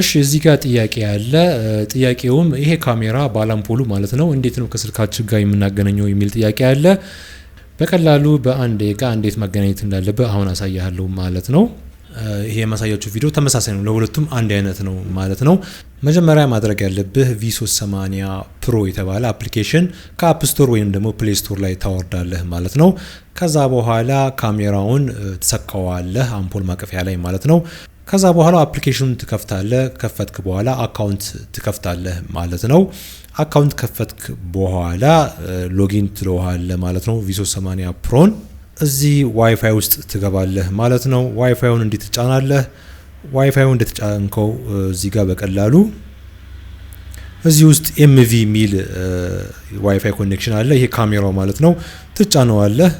እሺ እዚህ ጋር ጥያቄ አለ። ጥያቄውም ይሄ ካሜራ ባላምፖሉ ማለት ነው እንዴት ነው ከስልካችን ጋር የምናገናኘው የሚል ጥያቄ አለ። በቀላሉ በአንድ ደቂቃ እንዴት መገናኘት እንዳለበት አሁን አሳያለሁ ማለት ነው። ይሄ የማሳያችሁ ቪዲዮ ተመሳሳይ ነው። ለሁለቱም አንድ አይነት ነው ማለት ነው። መጀመሪያ ማድረግ ያለብህ ቪ380 ፕሮ የተባለ አፕሊኬሽን ከአፕ ስቶር ወይም ደግሞ ፕሌይ ስቶር ላይ ታወርዳለህ ማለት ነው። ከዛ በኋላ ካሜራውን ትሰካዋለህ አምፖል ማቀፊያ ላይ ማለት ነው። ከዛ በኋላ አፕሊኬሽኑን ትከፍታለህ። ከፈትክ በኋላ አካውንት ትከፍታለህ ማለት ነው። አካውንት ከፈትክ በኋላ ሎጊን ትለዋለህ ማለት ነው ቪ380 ፕሮን እዚህ ዋይፋይ ውስጥ ትገባለህ ማለት ነው። ዋይፋዩን እንዴት ትጫናለህ። ዋይፋዩ እንደተጫንከው እዚህ ጋር በቀላሉ እዚህ ውስጥ ኤምቪ የሚል ዋይፋይ ኮኔክሽን አለ። ይሄ ካሜራው ማለት ነው። ትጫነዋለህ።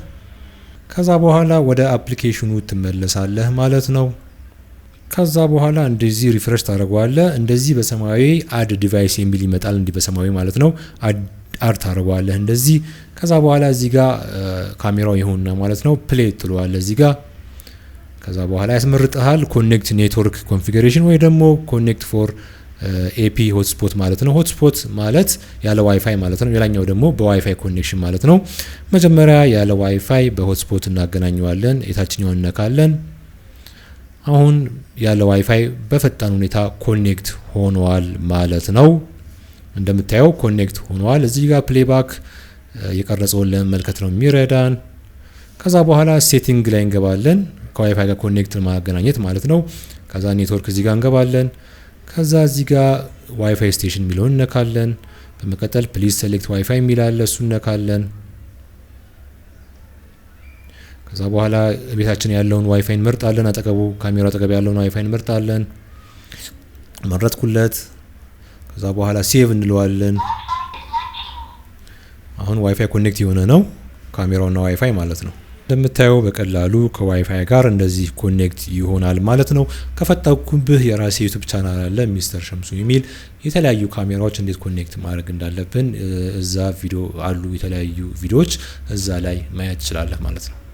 ከዛ በኋላ ወደ አፕሊኬሽኑ ትመለሳለህ ማለት ነው። ከዛ በኋላ እንደዚህ ሪፍሬሽ ታደርገዋለህ። እንደዚህ በሰማያዊ አድ ዲቫይስ የሚል ይመጣል። እንዲህ በሰማያዊ ማለት ነው። አድ ታደርገዋለህ እንደዚህ። ከዛ በኋላ እዚህ ጋር ካሜራው ይሁንና ማለት ነው ፕሌ ጥለዋለህ እዚህ ጋር ከዛ በኋላ ያስመርጥሃል ኮኔክት ኔትወርክ ኮንፊግሬሽን ወይ ደግሞ ኮኔክት ፎር ኤፒ ሆትስፖት ማለት ነው። ሆትስፖት ማለት ያለ ዋይፋይ ማለት ነው። ሌላኛው ደግሞ በዋይፋይ ኮኔክሽን ማለት ነው። መጀመሪያ ያለ ዋይፋይ በሆትስፖት እናገናኘዋለን። የታችኛውን እነካለን። አሁን ያለ ዋይፋይ በፈጣን ሁኔታ ኮኔክት ሆኗል ማለት ነው። እንደምታየው ኮኔክት ሆኗል። እዚህ ጋር ፕሌባክ የቀረጸውን ለመመልከት ነው የሚረዳን። ከዛ በኋላ ሴቲንግ ላይ እንገባለን። ከዋይፋይ ጋር ኮኔክት ማገናኘት ማለት ነው። ከዛ ኔትወርክ እዚህ ጋር እንገባለን። ከዛ እዚህ ጋር ዋይፋይ ስቴሽን የሚለውን እነካለን። በመቀጠል ፕሊዝ ሴሌክት ዋይፋይ የሚላለ እሱ እነካለን። ከዛ በኋላ ቤታችን ያለውን ዋይፋይ እንመርጣለን። አጠገቡ ካሜራ አጠገብ ያለውን ዋይፋይ እንመርጣለን። መረጥኩለት። ከዛ በኋላ ሴቭ እንለዋለን። አሁን ዋይፋይ ኮኔክት የሆነ ነው ካሜራውና ዋይፋይ ማለት ነው። እንደምታየው በቀላሉ ከዋይፋይ ጋር እንደዚህ ኮኔክት ይሆናል ማለት ነው። ከፈጠኩብህ የራሴ ዩቱብ ቻናል አለ ሚስተር ሸምሱ የሚል የተለያዩ ካሜራዎች እንዴት ኮኔክት ማድረግ እንዳለብን እዛ ቪዲዮ አሉ የተለያዩ ቪዲዮዎች እዛ ላይ ማየት ትችላለህ ማለት ነው።